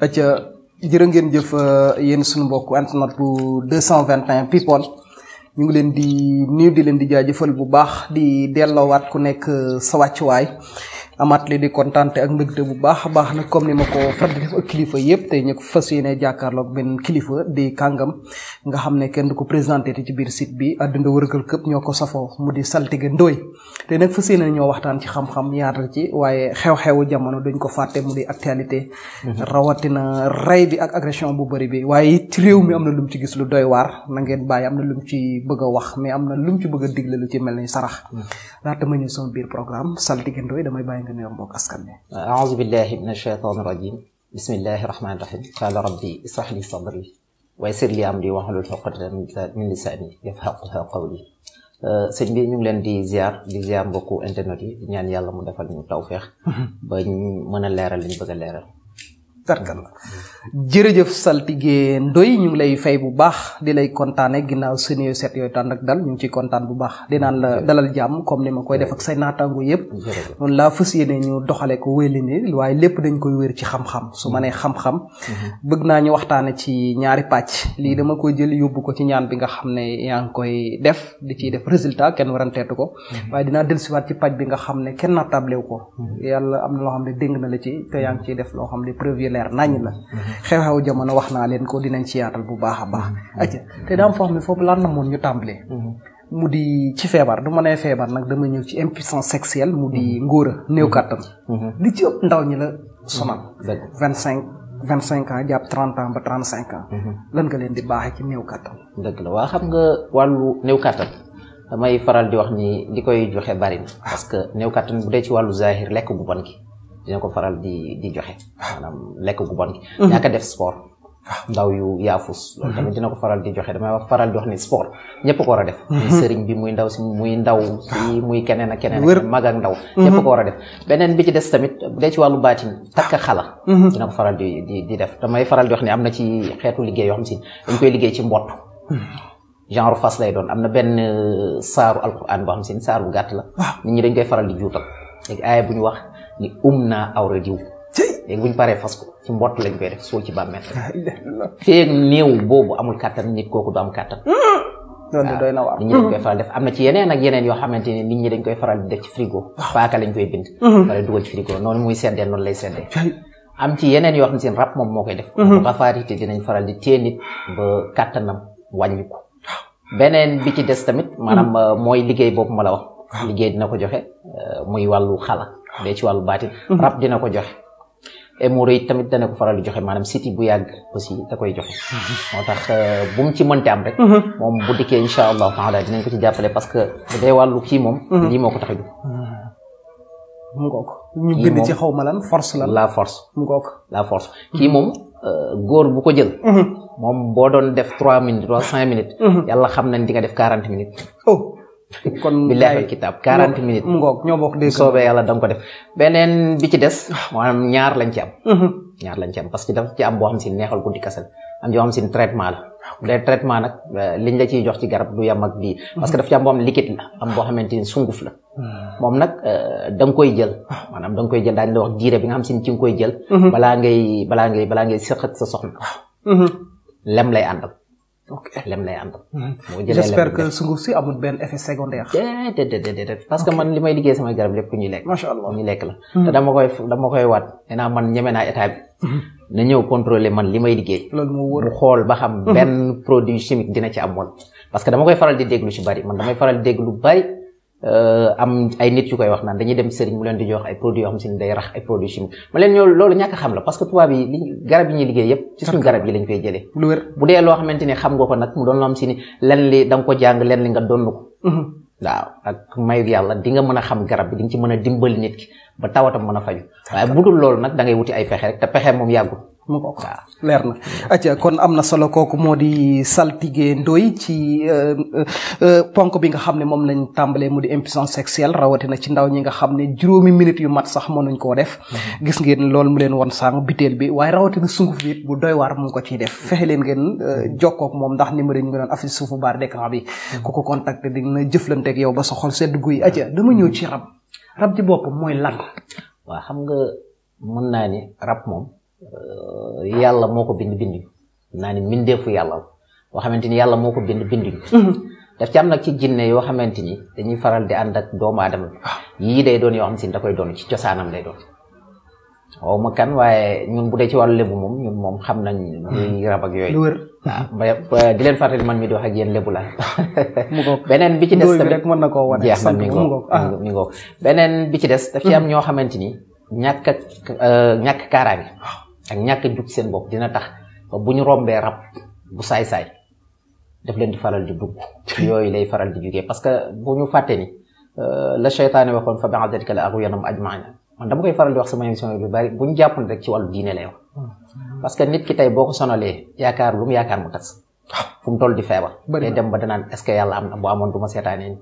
acca jërë ngeen jëf euh, yéen suñu mbokk internet bu 221 people ñu ngi leen di nuyu di leen di jaajëfal bu baax di delloowaat ku nekk euh, sa wàccuwaay amaat li di kontaante ak mbégte bu baax a baax nag comme ni ma ko faral di def ak kilifa yëpp tey ñu fas yéene jàkkaarloog benn kilifa di kàngam nga xam ne kenn du ko présenté te ci biir site bi àdduna wërëgal këpp ñoo ko safoo mu di saltige ndooy tey nag fas yéene ñoo waxtaan ci xam-xam yaatal ci waaye xew-xewu jamono dañ ko fàtte mu di actualité mhm. rawatina rey bi ak agression bu bëri bi waaye it réew mi am na lum ci gis lu doy waar na ngeen bàyyi am na lum ci bëgg wax mais am na lum ci bëgg a lu ci mel ni sarax mhm. laata ma ñëw sama biir programme saltige ndooy di nuyoo mbokk askan bi aouzu billahi min ashaytaani rajim bismillahi rahmaani rahim qaala rabbi israh li sadri wa yassir li amri wahlul uqdatan min lisaani yafqahu qawli sëñ bi ñu ngi leen di ziar di ziar mbokku internet yi di ñaan yàlla mu defal ñu tawfeex ba ñu mën a leeral li ñu bëgg a leeral tarkal la jërëjëf saltige ndoy ñu lay fay bu baax di lay kontaane ginnaaw sënio set yooyu tànn ak dal ñu ngi ciy kontaan bu baax dinaan la dalal jàmm comme ni ma koy def ak say naataango yëpp noonu laa fas yéene ñu doxale ko wéyli ni waaye lépp dañ koy wér ci xam-xam su ma nee mm-hmm. xam-xam mm-hmm. bëgg naa ñu waxtaane ci ñaari pàcc lii dama koy jël yóbbu ko ci ñaan bi nga xam ne yaa ngi koy def di ciy def résultat kenn waranteetu ko mm-hmm. waaye dinaa dellusiwaat ci pàcc bi nga xam ne kenn naatable ko yàlla am na loo xam ne dégg na la ci te yaa ngi ciy def loo xam ne preuve leer nañ la. xew-xew jamono wax naa leen ko dinañ ci bu baax a baax. acca te daam foo xam ne foofu lan na moon ñu tàmbalee. mu di ci feebar du ma nee feebar nag dama ñëw ci impuissance sexuelle mu di ngóora néew kàttan. li ci ndaw ñi la sonal. vingt cinq vingt cinq ans jàpp trente ans ba trente cinq ans. lan nga leen di baax ci néew kàttan. dëgg la waa xam nga wàllu néew kàttan damay faral di wax ni di koy joxe bari na ah. parce que néew kàttan bu dee ci wàllu zahir lekk gu bon gi. dina ko faral di di joxe. Ah. maanaam lekk gu bon gi. Mhm. ñaaka def sport. Ah. ndaw yu yaafus. Mhm. dina ko faral di joxe damay faral jox wax ni sport ñëpp war a def. Mhm. muy bi muy ndaw si muy ndaw si ah. muy keneen ak keneen. wër ndaw. ko war a def beneen bi ci des tamit dee ci wallu baatin takk xala. dina ko faral di di def damay faral jox ni am na ci xeetu liggéey yoo xam si dañ koy liggéey ci mbott. genre fas lay doon am na benn euh, saaru alquran boo xam si saar bu gàtt la. nit ñi dañ koy faral di juutal léegi aaya bu wax. ni um naa awra diw léegi bu ñu fas ko ci mbott lañ koy def suul ci bàmmeel feeg néew boobu amul kàttan nit kooku du am kàttan hmm. loolu ah, na waar nit hmm. faral def am na ci yeneen ak yoo xamante ne nit ñi dañ koy faral di def ci frigo ah. paaka lañ koy bind hmm. wala dugal ci frigo noonu muy seddee noonu lay seddee am ci yeneen yoo seen rab moom moo koy def bu xafaari te faral di tee nit ba kàttanam wàññi ko ah. beneen bi ci des tamit maanaam mooy liggéey boobu ma la wax liggéey dina ko joxe eh, muy wàllu xala mais ci wàllu baatin mm-hmm. rab dina ko joxe hémorroïde tamit dana ko faral joxe maanaam siti bu yàgg aussi da koy joxe mm-hmm. moo tax euh, bu mu ci mënte am rek mm-hmm. moom bu dikkee insha allahu taala dinañ ko ci jàppale parce que bu dee wàllu kii moom lii moo ko tax a jóg ah, mu ngoog ñu bind ci xaw ma lan force la force mu la force kii moom euh, góor bu ko jël moom boo doon def trois minutes wala cinq minutes yàlla xam nañ di nga def quarante minutes oh. kon billaahil kitaab 40 minutes da nga ko def beneen bi ci des maanaam ñaar lañ ci am mhm. ñaar lañ ci am parce que dafa ci am boo xam si neexal guddi kasal am yoo si la bu euh, jox ci garab du yam ak bii mhm. parce que dafa ci am boo xam liquide la am boo xamante ni sunguf la hmm. moom nag euh, da nga koy jël maanaam da koy jël daañu la wax diire bi nga xam si ni ci nga koy jël mhm. balaa ngay balaa ngay sa soxna lem lay àndal ok lem lay àndal. boo hmm. jëlee j'espère que sunguf si amul benn effet secondaire. déedéet déedéet parce que man li liggéey samay garab lépp ku lekk. macha allah ku ñuy lekk la. Hmm. dama koy dama koy waat nee naa man ñeme naa état bi. Hmm. ñëw contrôler man li liggéey. loolu xool ba xam benn produit chimique dina ci am parce que dama koy faral di dégg ci bari man damay faral di bari. Euh, am ay nit yu koy wax naan dañuy dem sëriñ mu leen di jox ay produits yoo xam si ne day rax ay produits chimiques ma leen ñoo loolu ñàkk xam la parce que tubaab yi jëlee bu dee loo xam nga nag mu doon loo xam si ni len li da nga ko jàng len li nga donn ko mm-hmm. waaw ak yàlla di nga mën a xam garab bi ci mën a dimbali nit ki ba tawatam mën a faju waaye bu dul loolu nag da ngay wuti ay pexe rek te pexe moom yàggul mu ko waaw leer na acca kon am na solo kooku moo di saltige ndoy ci euh, euh, euh, ponk bi nga xam ne moom lañ tàmbalee mu di impuissance sexuelle rawatina ci ndaw ñi nga xam ne juróomi minutes yu mat sax mënuñ koo def mm-hmm. gis ngeen loolu mu leen won sàng biteel bi waaye rawatina sunguf bi bu doy waar mu ngi ko ciy def fexe leen ngeen mm-hmm. jokkook moom ndax numéro yi ñu ngi doon affiche suufu baar d'écran bi mm-hmm. ku ko contacté dina jëflanteek yow ba sa sedd guy acca dama ñëw ci rab rab ci boppam mooy xam nga mën naa ni rab moom Euh, yàlla moo ko bind bind naa ni mbindeefu yàlla boo xamante ni yàlla moo ko bind bind daf ci am ci jinne yoo xamante ni dañuy faral di ànd ak doomu aadama bi ah. yii doon yoo xam si ni da koy doon ci cosaanam lay ma kan waaye ñun bu ci wàllu lébu moom xam nañ ñuy hmm. rab yooyu waaw ah, ah. di leen fàttali man mi di wax ak yéen la beneen bi ci des tamit mën na koo jeex na mi ngoog mi ngoog bi ci des daf ci am hmm. ñoo xamante ni ñàkk euh, ñàkk kaaraange ak ñàkk a jug seen bopp dina tax bu ñu rombee rab bu saay-saay daf leen di faral di dugg yooyu lay faral di jugee parce que bu ñu fàtte ni euh, la seytaane waxoon fa ba'ad dalika la aghwiyannahum ajma'in man dama koy di wax sama émission bi bari bu ñu jàpp rek ci wàllu diine hmm. parce que nit ki tey boo ko sonalee yaakaar lu mu yaakaar mu ah. di feebar day dem ba danaan est-ce que yàlla am na bu amoon du ma seetaanee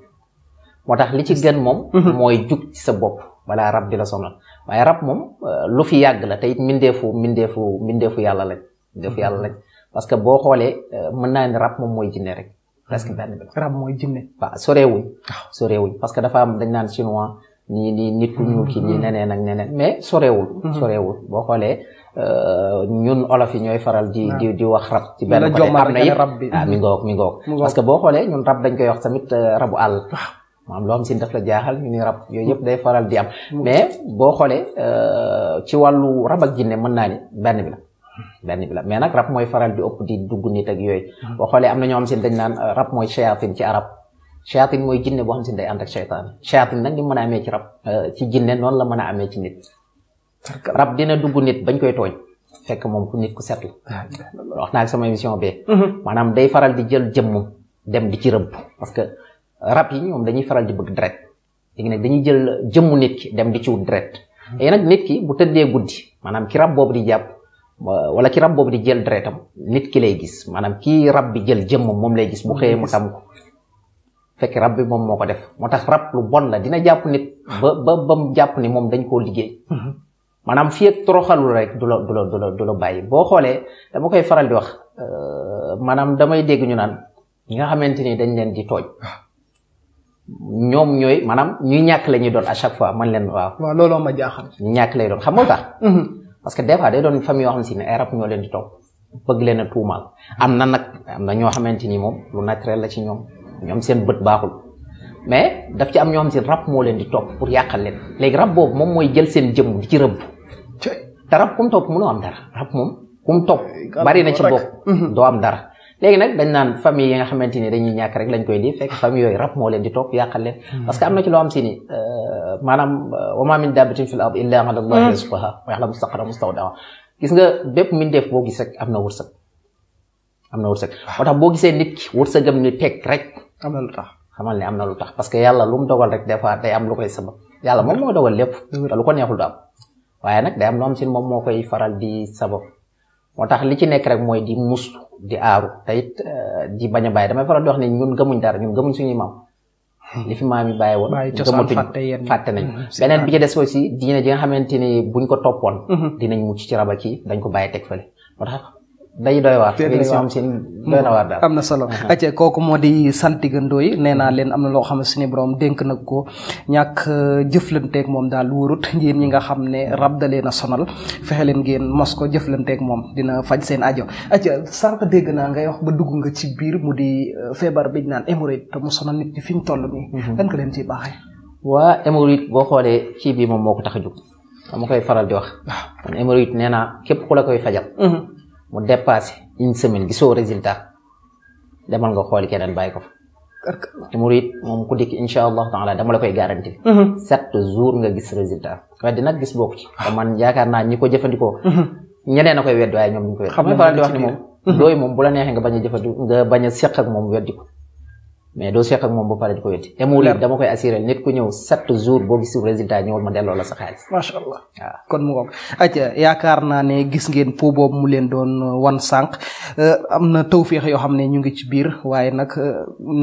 moo tax li ci gën moom mooy jug ci sa bopp balaa rab di la sonal waaye rab moom euh, lu fi yàgg la te it mbindeefu mbindeefu mbindeefu yàlla lañ mbindeefu yàlla lañ parce que boo xoolee euh, mën naa ne rab moom mooy jinne rek presque benn benn rab mooy jinne waaw soreewuñ soreewuñ parce que dafa am dañ naan chinois nii nii nit ku ñuul ki nii mm-hmm. neneen ak neneen mais soreewul mm-hmm. soreewul boo xoolee euh, ñun olof yi ñooy faral di di di wax rab ci benn côté am na it ah, mi ngoog mi parce que boo xoolee ñun rab dañ koy wax tamit rabu àll maanaam loo xam si daf la jaaxal ñu ni rab yooyu day mm. faral di am. Mm. mais boo xoolee euh, ci wàllu rab ak jinne man naa ni benn bi la. benn bi mais nag rab mooy faral di ëpp di dugg nit ak yooyu. Mm. boo xoolee am na ñoo xam si dañ naan euh, rab mooy shayatin ci arab. shayatin mooy jinne boo xam si day ànd ak shaytaan shayatin ni mën amee ci rab euh, ci jinne noonu la mën a amee ci nit. rab dina dugg nit bañ koy tooñ. fekk moom ku nit ku set la. Ah, wax naa ak sama émission bee. Mm-hmm. maanaam day faral di jël jëmm dem di ci rëbb rab yi ñoom dañuy faral di bëgg deret léegi nag dañuy jël jëmm nit ki dem di ci wut deret léegi nag nit ki bu tëddee guddi maanaam ki rab boobu di jàpp wala ki rab boobu di jël deretam nit ki lay gis maanaam ki rab bi jël jëmm moom lay gis bu xëyee mu tam ko fekk rab bi moom moo ko def moo tax rab lu bon la dina jàpp nit ba ba ba mu jàpp ni moom dañ koo liggéey maanaam fii ak toroxalul rek du la du la du la bàyyi boo xoolee dama koy faral di wax euh, maanaam damay dégg ñu naan ñi nga xamante ni dañ leen di tooñ ñoom ñooy maanaam ñu ñàkk la ñuy doon à chaque fois man leen waaw. waaw looloo ma jaaxal. ñu ñàkk lay doon xam nga tax. Mm-hmm. parce que des fois doon famille yoo xam si ne ay rab ñoo leen di topp bëgg leen a tuumaal am na nag am na ñoo xamante ni moom lu naturel la ci ñoom ñoom seen bët baaxul mais daf ci am ñoo xam si rab moo leen di topp pour yàqal leen léegi rab boobu moom mooy jël seen jëmm di ci rëbb te rab ku mu topp mënoo am dara rab moom ku topp bari na ci bopp mm-hmm. doo am dara léegi nag dañ naan famille yi nga xamante ni dañuy ñàkk rek lañ koy di fekk famille yooyu rab moo leen di topp yàqal leen hmm. parce que am na euh, maanaam euh, wa ma min dabbatin fil ard illa ala allahi rizquha hmm. wa gis nga bépp mbindeef boo gis am na wërsëg am na wërsëg moo tax boo gisee nit ki wërsëgam ni teg rek am na lu am na lu tax parce que yàlla lu mu dogal rek des fois day am lu koy sabab yàlla moom moo dogal lépp te lu ko neexul du am waaye nag day am loo moom moo koy faral di sabab moo tax li ci nekk rek mooy di mustu di aaru te it eh, di bañ a bàyyi damay faral di wax ne ñun gëmuñ dara ñun gëmuñ suñuy maam li fi maam yi bàyyi woon te fàtte nañ mm-hmm. beneen bi ci des aussi diine ji nga xamante ni buñ ko toppoon mm-hmm. dinañ mucc ci raba ci dañ ko bàyyi teg fële moo tax day doy waar mm-hmm. am na solo mm-hmm. ace kooku moo di santigandoo yi nee naa leen am na loo xam ne suñu borom nag ko ñàkk euh, jëflanteeg moom daal wóorut yéen ñi nga xam ne rab da leen a sonal fexe leen ngeen mos ko moom dina faj seen ajo ace sànq dégg naa ngay wax ba dugg nga ci biir mu di euh, feebar bi ñu naan hémorroïde te mu nit ñi fi ñu toll nii lan mm-hmm. ko leen ci baaxe waa hémorroïde boo xoolee ci bii moom moo ko tax a jóg dama koy faral di wax ah. kon hémorroïde nee naa képp ku la koy fajal mu dépassé une semaine gisoo résultat demal nga xool keneen bàyyi ko mu numéro it moom ku dikk incha allahu taala dama la koy garanti. Mhm. sept jours nga gis résultat. waaye dina gis bokk ci. Ah. te man yaakaar naa ñi ko jëfandikoo. Mhm. ñeneen a koy wedd waaye ñoom ñu ko xam nga faral di wax ni moom. Mhm. dooy moom neexee nga bañ a jëfandiku nga bañ a seq moom weddi ko. mais doo seq ak moom ba pare di ko yotti. leer dama koy assuré nit ku ñëw sept jours boo gisul résultat ñëwal ma delloo la sa xaalis. macha allah kon mu ngoog. acca yaakaar naa ne gis ngeen po boobu mu leen doon euh, wan sànq euh, am na tawféex yoo xam ne ñu ngi ci biir waaye nag euh,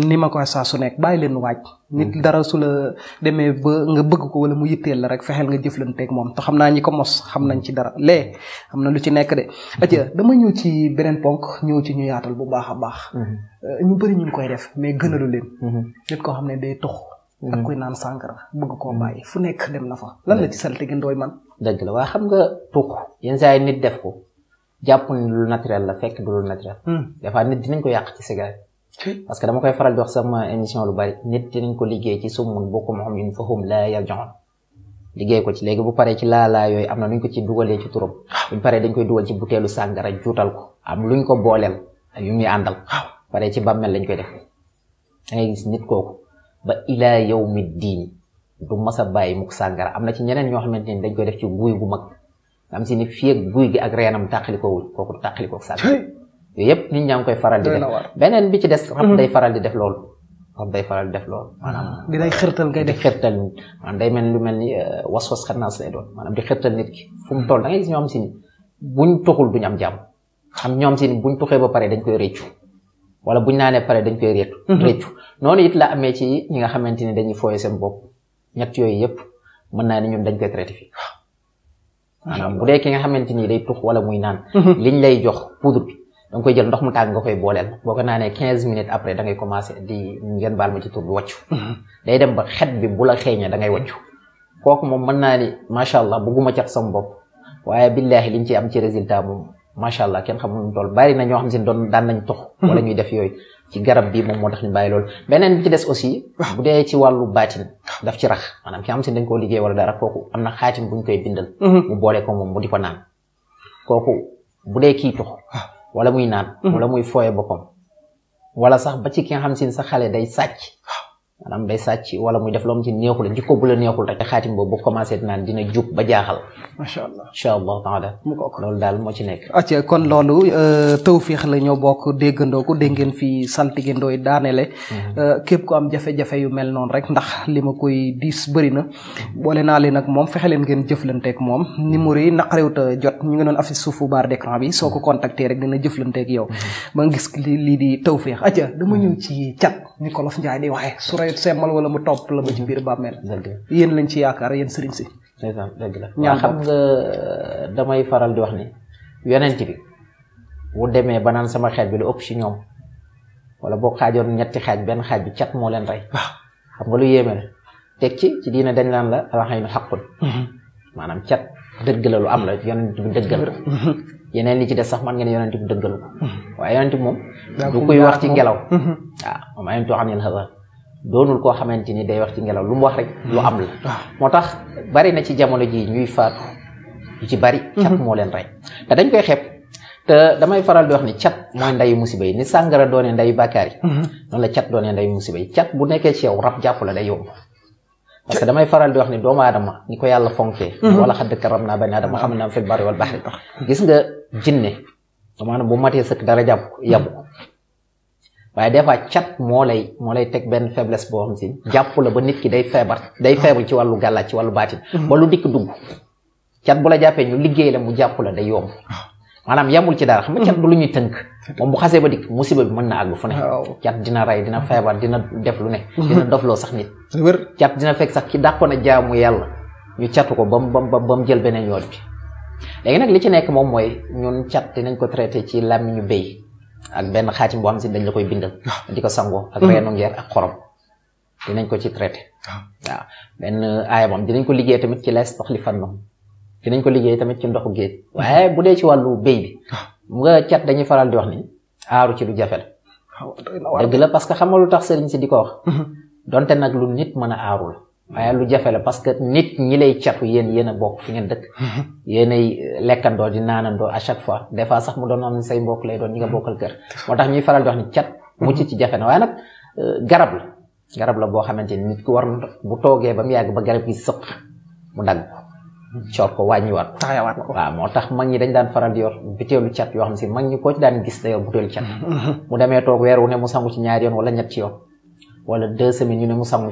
ni ma ko saa su nekk bàyyi leen waaj. nit mm-hmm. dara su la demee nga bëgg ko wala mu yitteel la rek fexeel nga jëflanteeg moom te xam naa ñi ko mos xam nañ ci dara lee am na lu ci nekk de. atia dama ñëw ci beneen ponk ñëw ci ñu bu baax a baax. Mm-hmm. Euh, ñu bëri ñu koy def mais gënalu leen. Mm-hmm. nit koo xam ne day tox. ak kuy naan sàngara bëgg koo bàyyi fu nekk dem na fa. lan la ci salte gi ndooy man. dëgg la waaye xam nga tuux yenn saa yi nit def ko jàpp lu naturel la fekk du lu naturel. Hmm. des nit dinañ ko yàq ci cigarette parce que dama koy faral di wax sama émission lu bari nit dinañ ko liggéey ci summun bokkum xam yun fahum laa yarji'un liggéey ko ci léegi bu paree ci laalaa yooyu am na luñ ko ci dugalee ci turam ah. buñ paree dañ koy dugal ci buteelu sàngara juutal ko am luñ ko booleel yu muy àndal ah. paree ci bàmmeel lañ koy def da gis nit kooku ba ilaa yawmi diin du mas a bàyyi mukk sàngara am na ci ñeneen ñoo xamante ni dañ koy def ci guy gu mag am si ni fii guy gi ak reenam tàqalikowul kooku tàqalikoo sàngara yooyu yëpp nit ñaa ngi koy faral di def beneen bi ci mhm. faral di def day faral di def maanaam ah. di day xërtal kay def xërtal day mel lu mel ni euh, was-was xannaas lay di xërtal nit ki fu mu toll da ngay gis si ni buñ tuxul duñ am jàmm xam ñoom si ni buñ tuxee ba pare dañ koy réccu wala buñ naanee pare dañ koy réccu mhm. réccu noonu it la amee ci ñi nga xamante ni dañuy fooye seen bopp ñett yooyu yëpp mën naa ni ñun dañ koy traité fii maanaam bu dee ki nga xamante ni day tux wala muy naan mhm. liñ lay jox poudre da nga koy jël ndox mu tàng nga koy booleel boo ko naanee quinze minutes après da ngay commencé di ngeen baal ma ci tur bi wàccu mm-hmm. day dem ba xet bi bu la xeeñee da ngay wàccu kooku moom mën naa ni allah bugguma cax sama bopp waaye billaahi liñ ci am ci résultat moom macha allah kenn xamul nu toll bari xam si doon daan nañ tox mm-hmm. wala ñuy def yooyu ci garab bi moom moo tax ñu bàyyi lool beneen bi ci des aussi bu dee ci wàllu baatin daf ci rax maanaam ki xam si dañ koo liggéey wala dara kooku am na xaatim buñ koy bindal mm-hmm. mu boole ko moom mu ko naan kooku bu dee wala muy naan. Mm-hmm. wala muy fooye boppam. wala sax ba ci ki xam si sax xale day sàcc. maanaam day sàcc wala muy def loo ci neexul jikko bu la neexul rek xaatim boobu bu commencé naan dina jub ba jaaxal. macha ko loolu daal moo ci nekk. acca kon loolu euh, tawfiix la ñoo bokk déggandoo ko mm-hmm. euh, am jafe-jafe yu mel noonu rek ndax li ma koy diis bëri na. boole naa leen ak moom fexe leen ngeen jëflanteeg moom numéro yi naqarewut a jot ñu ngi doon affiche suufu barre d'écran bi soo ko contacter rek dina jëflanteeg yow. ba mm-hmm. nga gis lii di tawfiix acca dama ñëw ci cat ni Kolof Njaay di waxee lay semmal wala mu topp la ba ci biir bàmmeel ci yaakaar yéen sëriñ si la ñaa xam nga euh, damay faral di wax ni yonent bi bu ba naan sama xeet bi lu ëpp ci ñoom wala boo xaajoon ñetti xaaj benn xaaj bi cat moo leen rey xam lu yéeme la ci ci diina dañ laan la alaxa nu xaqul mm-hmm. maanaam cat dëgg la lu am la yonent bi dëggal mm-hmm. yeneen li ci des sax man ngeen yonent bi dëggalu ko mm-hmm. waaye yonent moom du koy wax ci ngelaw waaw moom ayam too xam doonul koo xamante ni day wax ci ngelaw lu mu wax rek lu am la ah. moo tax bari na ci jamono ji ñuy faatu ci bari mm-hmm. cat moo leen rey te dañ koy xeeb te damay faral di wax ni cat mooy ndayu musiba yi ni sàngara doone ndayu bàkkaar yi mm-hmm. noonu la cat doone ndayu musiba yi cat bu nekkee ci yow rab jàpp la day yomb parce que damay faral di wax ni doomu aadama ni ko yàlla fonkee mm-hmm. wala xadd karam naa bani aadama xam naa fil bari wal bahri gis nga jinne doomu bu matee sëkk dara jàpp yabu waaye des fois cat moo lay moo lay teg benn faiblesse boo xam si jàpp la ba nit ki day feebar day feebar ci wàllu gàllaaj ci wàllu baatin mm-hmm. ba lu dikk dugg cat bu la jàppee ñu liggéey la mu jàpp la day yomb ah. maanaam yemul ci dara xam nga cat lu ñuy tënk mm-hmm. moom bu xasee ba dikk musiba bi mën na àgg fu ne dina rey dina feebar dina def lu ne mm-hmm. dina dofloo sax nit cat dina fekk sax ki dàqoon a jaamu yàlla ñu catu ko bam bam ba mu jël beneen yoon bi léegi nag li ci nekk moom mooy ñun cat dinañ ko traité ci làmmiñu béy ak benn xaatim boo si dañ la koy bindal. Ah. di ko sangoo ak mm-hmm. reenu ngeer ak xorom dinañ ko ci traité. Ah. waaw benn aaya boo dinañ ko liggéey tamit ci lay soxli fannam dinañ ko liggéey tamit ci ndoxu géej waaye bu dee ci wàllu béy bi. Ah. mu nga cat dañuy faral di wax ni aaru ci lu jafe la. dëgg la parce que xam nga lu tax sëriñ si di ko wax. Mm-hmm. donte nag lu nit mën a aarul. waaye lu jafe la parce que nit ñi lay catu yéen yéen a bokk fi ngeen dëkk yéenay lekkandoo di naanandoo à chaque fois des fois sax mu doon noonu say mbokk lay doon ñi nga mm. moo tax ñuy faral di wax ni ci jafe na waaye euh, garab la garab la boo xamante ni nit ki war bu toogee ba mu yàgg ba garab gi sëq mu dagg mm. coor ko wàññiwaat ko taxawaat moo tax mag ñi dañ daan faral di yor butéelu cat yoo xam si mag ñi koo ci daan gis da yor butéelu cat mm. mu demee toog weer wu ne mu sangu ñaari yoon wala ñetti yoon wala deux semaines yu ne mu sangu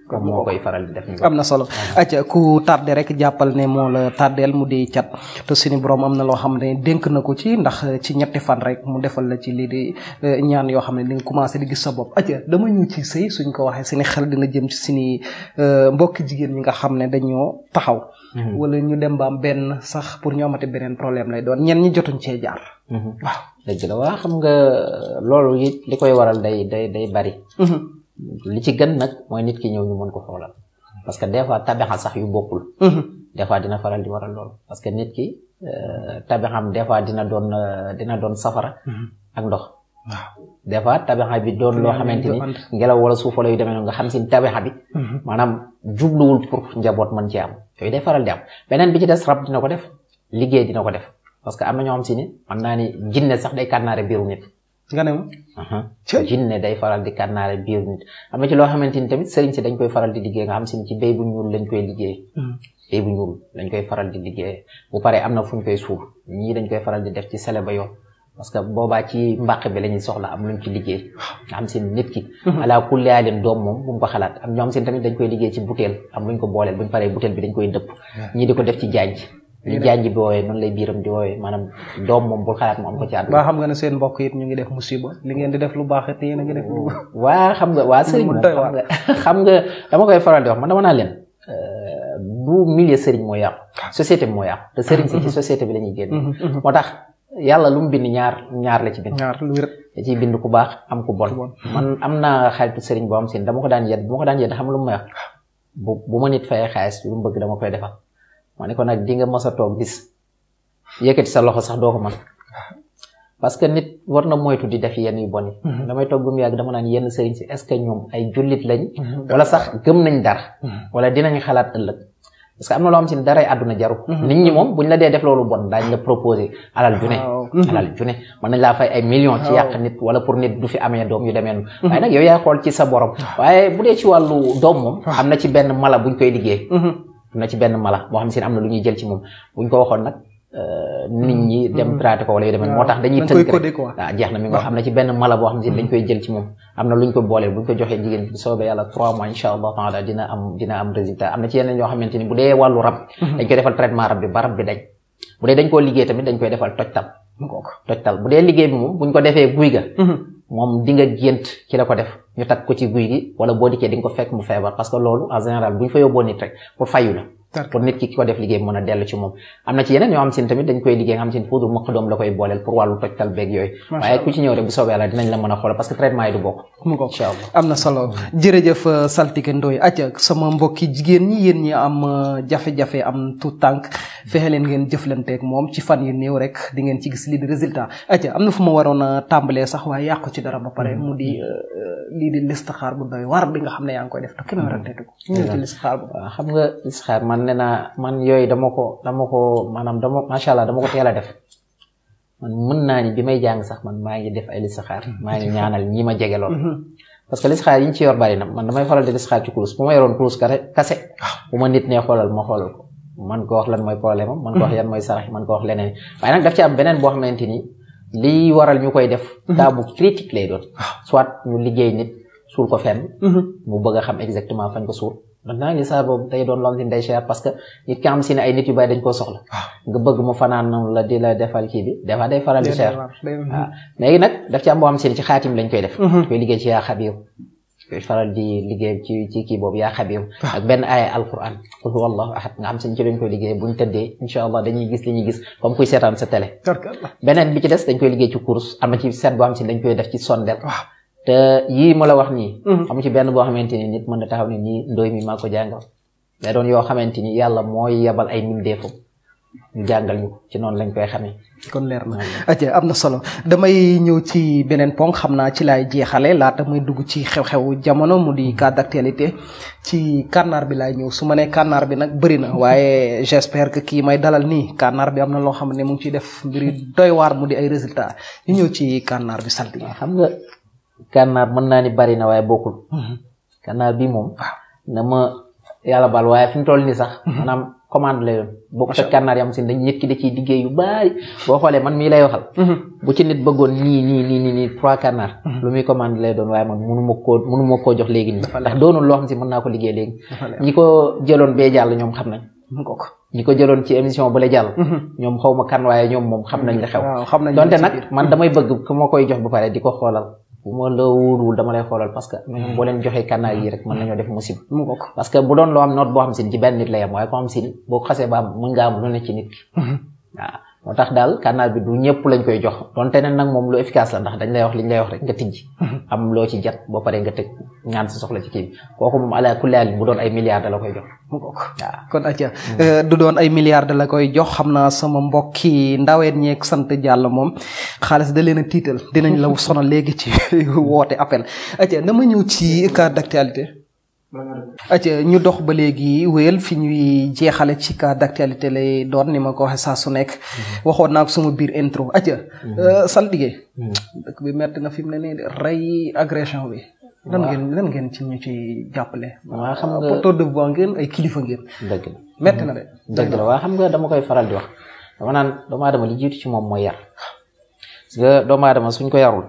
comme moo koy faral di def. am na solo acca ku tardé rek jàppal ne moom la tardeel mu dee cat te suñu borom am na loo xam ne dénk na ko ci ndax ci ñetti fan rek mu defal la ci lii di eh, ñaan yoo xam ne di nga commencé di gis sa bopp acca ci sëy suñ ko waxee suñu xel dina jëm ci suñu eh, mbokki jigéen ñi nga xam ne dañoo taxaw. Mhm. wala ñu dem ba benn sax pour ñu amati beneen problème lay doon ñenn ñi jotuñ cee jaar. Mhm. waaw la waa xam nga loolu it li koy waral day day day bari. Mhm. li ci gën nag mooy nit ki ñëw ñu mën ko xoolal parce que des fois tabaxa sax yu bokkul. Mhm. des fois dina faral di waral lool parce que nit ki euh, tabaxam des fois dina doon euh, dina doon safara. Mhm. ak ndox. waaw des fois tabaxa bi doon loo xamante ni ngelaw wala suuf wala yu demee noonu nga xam si tabaxa bi. Mhm. maanaam jubluwul pour njaboot mën ce am yooyu day faral di am beneen bi ci des rab dina ko def liggéey dina ko def parce que am na xam si ni mën naa ni jinne sax day kànnaare biiru nga ne ma. jinne day faral di kànnaare biir nit am na ci loo xamante ni tamit sëriñ si dañ koy faral di liggéey nga xam si ci bu ñuul lañ koy liggéey. Hmm. béy bu ñuul koy faral di liggéey bu paree am na fu ñu koy suuf ñii dañ koy faral di def ci sele ba yoon parce que boobaa ci mbàq bi lañuy soxla am luñ ci liggéey. nga am si nit ki. Hmm. ala kulli leen doom moom bu mu ko xalaat am ñoo xam tamit dañ koy liggéey ci butéel am luñ ko booleel buñ paree butéel bi dañ koy dëpp. ñii di ko def ci jaañ ñu jànj bi wooyee noonu lay biiram di wooyee maanaam doom moom bul xalaat mu am ko ci xam nga na seen mbokk yëpp ñu ngi def musiba li ngeen di def lu baax it yéen a ngi def lu. waa xam nga waa sëriñ xam nga dama koy faral di wax man dama naa leen. bu euh, milieu sëriñ moo yàqu. Ah. société bi moo te sëriñ si ci société bi la ñuy génn. Mm-hmm, mm-hmm. moo tax yàlla lu mu bind ñaar ñaar la ci bind. ñaar lu wér. da ciy bind ku baax am ku bon. Mm-hmm. man am na xaritu sëriñ boo am seen dama ko daan yedd bu ma ko daan yedd xam lu mu may wax ah. bu bu ma nit fayee xaalis lu mu bëgg dama koy defal ma ne ko nag di nga mos a toog bis yëkkati sa loxo sax doo ko mën parce que nit war na moytu di def yenn yu bon yi. Mm-hmm. damay toog ba mu yàgg naan yenn sëriñ si est-ce que ñoom ay jullit lañ. Mm-hmm. sax gëm nañ dara. Mm-hmm. wala dinañ xalaat ëllëg. parce na loo si ne daray àdduna jaru. nit ñi moom buñ la dee def loolu bon daañ la proposé alal june. alal june mën nañ laa fay ay million ci yàq nit wala pour nit du fi amee doom yu demee noonu. waaye nag yow yaa xool ci sa borom. Ah. waaye bu dee ci ah. am na ci benn mala buñ koy liggéey. na ci benn mala boo xam ne am na lu ñuy jël ci moom buñ ko waxoon nag euh, nit ñi mm-hmm. dem traité ko wala yu demee mm-hmm. moo tax dañuy tënk rek ah, waaw xam ne ci mala boo xam ne dañ mm-hmm. koy jël moom am na lu ñu ko booleel buñ ko joxee jigéen bu soobee yàlla trois mois incha allah taala am dina am résultat am na ci yeneen yoo xamante ni bu dee wàllu rab dañ koy defal traitement rab bi ba rab bi dañ bu dee dañ koo liggéey tamit dañ koy defal toj bu dee liggéey bi moom buñ ko defee guy ga moom di gént ki la ko def ñu takk ko ci guy gi wala boo dikkee di nga ko fekk mu feebar parce que loolu en général bu ñu fa yóbboo nit rek pour fayu la pour nit ki ko def liggéey mën a dellu ci moom am na solo jërëjëf Saltigué Ndoye sama mbokki jigéen ñi yéen ñi am euh, jafe-jafe am tout tànk fexe leen ngeen jëflanteeg moom fan yu néew rek di ngeen ci gis lii di résultat aca am na fu ma waroon tàmbalee sax waaye yàqu ci dara ba pare mu di mm-hmm. euh, lii di listixaar bu doy war bi nga xam ne yaa ngi koy def te kenn mm-hmm. xam nga listixaar man nee naa man yooyu dama ko dama ko maanaam dama macha dama ko teel a def man mën naa ni bi may jàng sax man maa ngi def ay listixaar mm-hmm. maa ngi ñaanal ñii ma jege lool parce que listixaar yi ci yor bari na man damay faral di listixaar ci kurus bu ma yoroon kurus kase ah. ma nit nee xoolal ma xoolal ko man ko wax lan mooy problème am man ko wax yan mooy sarax man ko wax leneen waaye nag daf ci am beneen boo xamante ni lii waral ñu koy def daa mhm. bu critique lay doon ah. soit ñu liggéey nit suul ko fenn mhm. mu bëgg a xam exactement fañ ko suul donc naa ngi saa boobu day doon lom si day cher parce que nit ki am si ne ay nit yu bari dañ koo soxla ah. nga bëgg mu fanaan la di la defal kii bi des fois day faral di cher waaw ah. léegi nag daf ci am boo xam si ne ci xaatim lañ koy def mhm. koy liggéey ci yaa xabiir faral di liggéey ci ci kii boobu yaa xabiir benn aaya alquran qul huwa allahu ahad nga xam si ñu ci lañ koy liggéey buñ tëddee incha allah dañuy gis li ñuy gis comme kuy seetaan sa télé beneen bi ci des dañ koy liggéey ci course am na ci seet boo xam si dañ koy def ci sondel te yii la wax nii mhm. amu ci benn boo xamante ni nit mën na taxaw ne nii ndóoy mi maa ko jàngal day doon yoo xamante ni yàlla mooy yebal ay mbindeefam ñu jàngal ñu ci noonu lañ koy xamee kon leer na aja am na solo damay ñëw ci beneen ponk xam naa ci laay jeexale laata muy dugg ci xew-xew jamono mu di hmm. cas d'actualité ci kànnaar bi laay ñëw su ma nee kànnaar bi nag bëri na waaye j'espère que kii may dalal nii kànnaar bi am na loo xam ne mu ngi ciy def mbiri doy waar mu di ay résultats ñu ñëw ci kànnaar bi sant xam nga kànnaar mën naa ni bari na waaye bokkul hmm. kànnaar bi moom na ma yàlla baal waaye fi mu toll sax hmm. maanaam commande la bokk sa kànnaar yam sin dañ nit ki da ciy liggéey yu bari boo xoolee man mii lay waxal mhm. bu ci nit bëggoon nii nii nii nii nii trois kànnaar mhm. lu muy commande lay doon waaye man mënu ma koo mënu ma koo jox léegi nii ndax doonul loo xam si mën naa ko liggéey léegi ñi ko jëloon bee jàll ñoom xam nañ ñi ko jëloon ci émission bu jàll mhm. ñoom xaw ma kan waaye ñoom moom xam nañ la xew donte nag man damay bëgg ku koy jox ba pare di ko xoolal bu ma la wóorul dama lay xoolal parce que même boo leen joxee canal yi rek mën nañoo def musib parce que bu doon loo am note boo xam sin ci nit la waaye ko xam sin boo xasee ba am mën nga am ci nit ki mm-hmm. moo tax daal canal bi du ñëpp lañ koy jox donte ne nag moom lu efficace la ndax dañ lay wax liñ lay wax rek nga tijji am loo ci jat boo paree nga tëj ñaan si soxla ci kii bi kooku moom ala kulli bu doon ay milliards da la koy jox. waaw kon mm. euh, du doon ay milliards da la koy jox xam naa sama mbokki ndawet ñeeg sant jàll moom xaalis da leen a tiital dinañ la sonal léegi ci woote appel atia ma ñëw ci carte d'actualité acca ñu dox ba léegi wéyal fi ñuy jeexale ci cas d'actualité lay doon ni ma ko waxee saa su nekk mm-hmm. waxoon naa suma biir intro acca mm-hmm. euh, saltige mm-hmm. dëkk bi metti na fi mu ne nii rey bi lan ngeen lan ngeen ci ñu ci jàppale waa xam nga porteur de ay kilifa ngeen dëgg la na dëgg la waa xam nga dama koy faral di wax dama naan doomu aadama li jiitu ci moom mooy yar parce que doomu aadama suñ ko yarul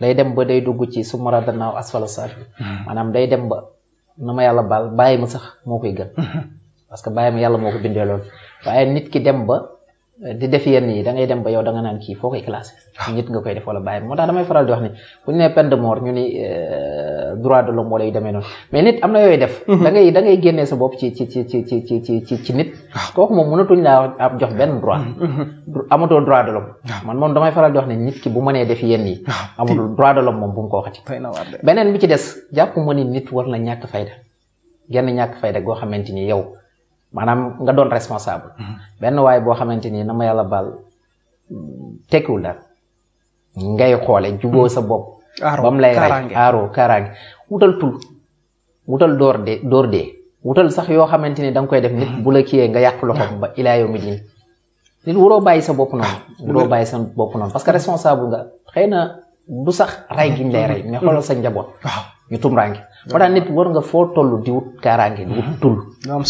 day dem ba day dugg ci su mara danaaw asfala safi maanaam day dem ba na ma yàlla baal bàyyi ma sax moo koy gën parce que bàyyi ma yàlla moo ko bindee loolu waaye nit ki dem ba di def yenn yi dangay dem ba yow da nga naan kii foo koy classé. Ah. nit nga koy def wala bàyyi moo tax damay faral di wax ni bu ñu nee peine de mort euh, demee noonu mais nit am na yooyu def. Mhm. a ngay da ngay génnee sa bopp ci ci ci ci ci ci ci ci nit. Ah. kooku moom mënatuñ laa jox benn droit. Mhm. Mhm. amatoo droit de l'homme. Ah. man moom damay faral di wax ne nit ki bu mënee def yenn yi. amatul droit de l'homme moom bu mu ko waxati. beneen bi ci des jàpp ma ni nit war na ñàkk fayda genn ñàkk fayda goo xamante ni yow. maanaam nga doon responsable. Mhm. benn waaye boo xamante ni na ma yàlla baal tekkiwul daal ngay xoole juboo mhm. sa bopp. ba mu lay rey aaro kaaraange wutal tul wutal door de door de wutal sax yoo xamante ni da nga koy def nit mhm. bu la kiyee nga yàq loxo ba ilaa yow mi nit waroo bàyyi sa bopp noonu. parce que responsable nga xëy na du sax rey giñ lay rey mais xoolal sa njaboot waaw ñu tumuraange moo tax nit war nga foo toll di wut kaaraange di wut tull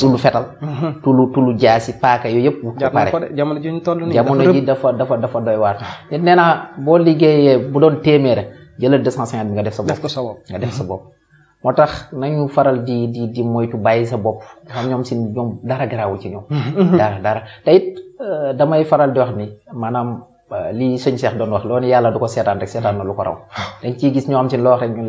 tullu fetal mhm. tullu tullu jaasi paaka yooyu yëpp wut ko pare jamono ji ñu toll nit nee naa boo liggéeyee bu doon téeméere jëlal deux nga def sa bopp nga def sa bopp moo tax nañu faral di di di moytu bàyyi sa bopp xam ñoom si ñoom dara garaawu ci ñoom mhm. Mhm. dara dara te euh, damay faral di wax ni maanaam Euh, lii sëñ Cheikh doon wax loo yàlla du ko seetaan rek seetaan lu ko raw dañ ciy gis ñoo am ci loo rek ñu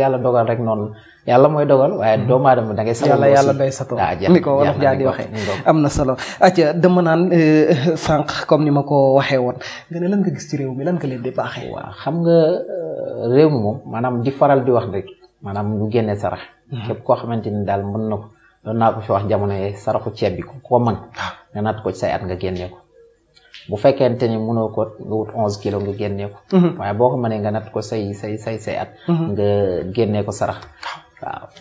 yàlla dogal rek noonu yàlla mooy dogal waaye doomu aadama da ngay yàlla yàlla day satoo ah, ko wala jaa di waxee am na solo acca dama naan euh, sànq comme ni ma ko waxee woon nga ne lan nga gis ci réew mi lan nga leen di baaxee waaw xam nga euh, réew mi moom maanaam di faral di wax rek maanaam lu génnee sarax hmm. képp koo xamante ni daal mën na ko doon naa ko fi wax jamono yee saraxu ceeb bi ko ko man ah. nga natt ko ci at nga génnee ko bu fekkente ni mënoo ko nga wut onze kilos nga génnee ko mhm. waaye boo ko manee nga nat ko say say say say at mhm. nga génnee ko sarax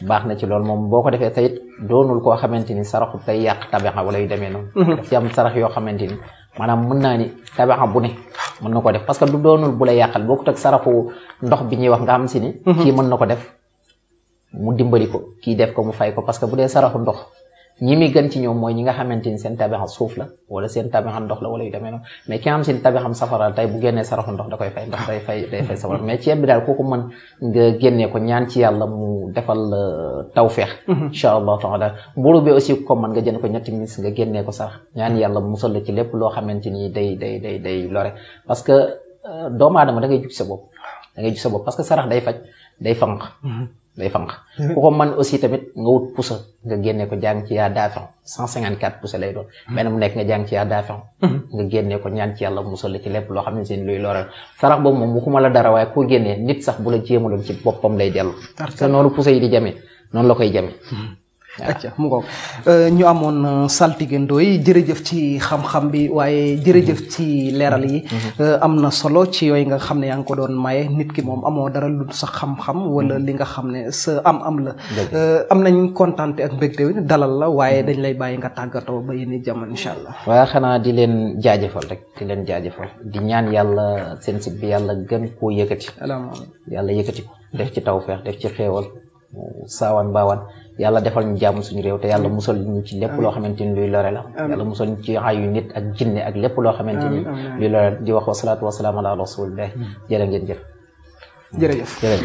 baax na ci loolu moom boo ko defee tayit doonul koo xamante ni saraxu tay yàq tabaxa wala yu demee noonu mhm. daf ci sarax yoo xamante ni maanaam mën naa ni tabaxa bu ne mën na ko def parce que du doonul bu la yàqal bokkut ak saraxu ndox bi ñuy wax nga xam si ni kii mën na ko def mu dimbali ko kii def ko mu fay ko parce que bu dee saraxu ndox ñi mi ci ñoom mooy ñi nga xamante ni seen tabaxam suuf la wala seen tabaxam ndox la wala yu demee noonu mais ki nga xam seen tabaxam safara tey bu génnee saraxu ndox da koy fay ndox day fay day fay safara mais mën nga génnee ko ñaan ci yàlla euh, mhm. ko mën nga jënd ko ñetti minutes nga génnee musal la ci lépp loo xamante ni day day day day lore parce que euh, doomu aadama da ngay jub sa bopp da ngay jub sa bopp parce que sarax day faj day fanq mhm. day fanq ku ko mën aussi tamit nga wut pusa nga génne ko jàng ci yaa daafin cent cinquante quatre pusa lay doon hmm. benn mu nekk nga jàng ci yaa daafin hmm. nga génne ko ñaan ci yàlla musal la ci lépp loo xam ne seen luy looral sarax boobu moom waxuma la dara waaye koo génnee nit sax bu la jéemaloon ci boppam lay dellu te noonu pusa yi di noonu la koy jamee hmm. acca mu ngoog euh, ñu amoon euh, saltige Ndoye jërëjëf ci xam-xam bi waaye jërëjëf mm-hmm. ci leeral yi mm-hmm. euh, am na solo ci yooyu nga xam ne yaa ngi ko doon maye nit ki moom amoo dara lu sa xam-xam wala mm-hmm. li nga xam ne sa am am la am nañ kontaan ak mbégte dalal la waaye dañ lay bàyyi nga tàggatoo ba yeneen jamono incha allah waaye xanaa di leen jaajëfal rek di leen jaajëfal di ñaan yàlla seen site bi yàlla gën koo yëkkati yàlla yëkkati def ci taw tawfeex def ci xéewal saawaan baawaan yàlla defal ñu jàmm suñu réew te yàlla musal ñu ci lépp loo xamante ni luy lore la yàlla musal ñu ci nit ak jinne ak lépp loo xamante ni luy lore di wax wasalaatu wasalaam ala rasulillah hmm. jërë ngeen jëf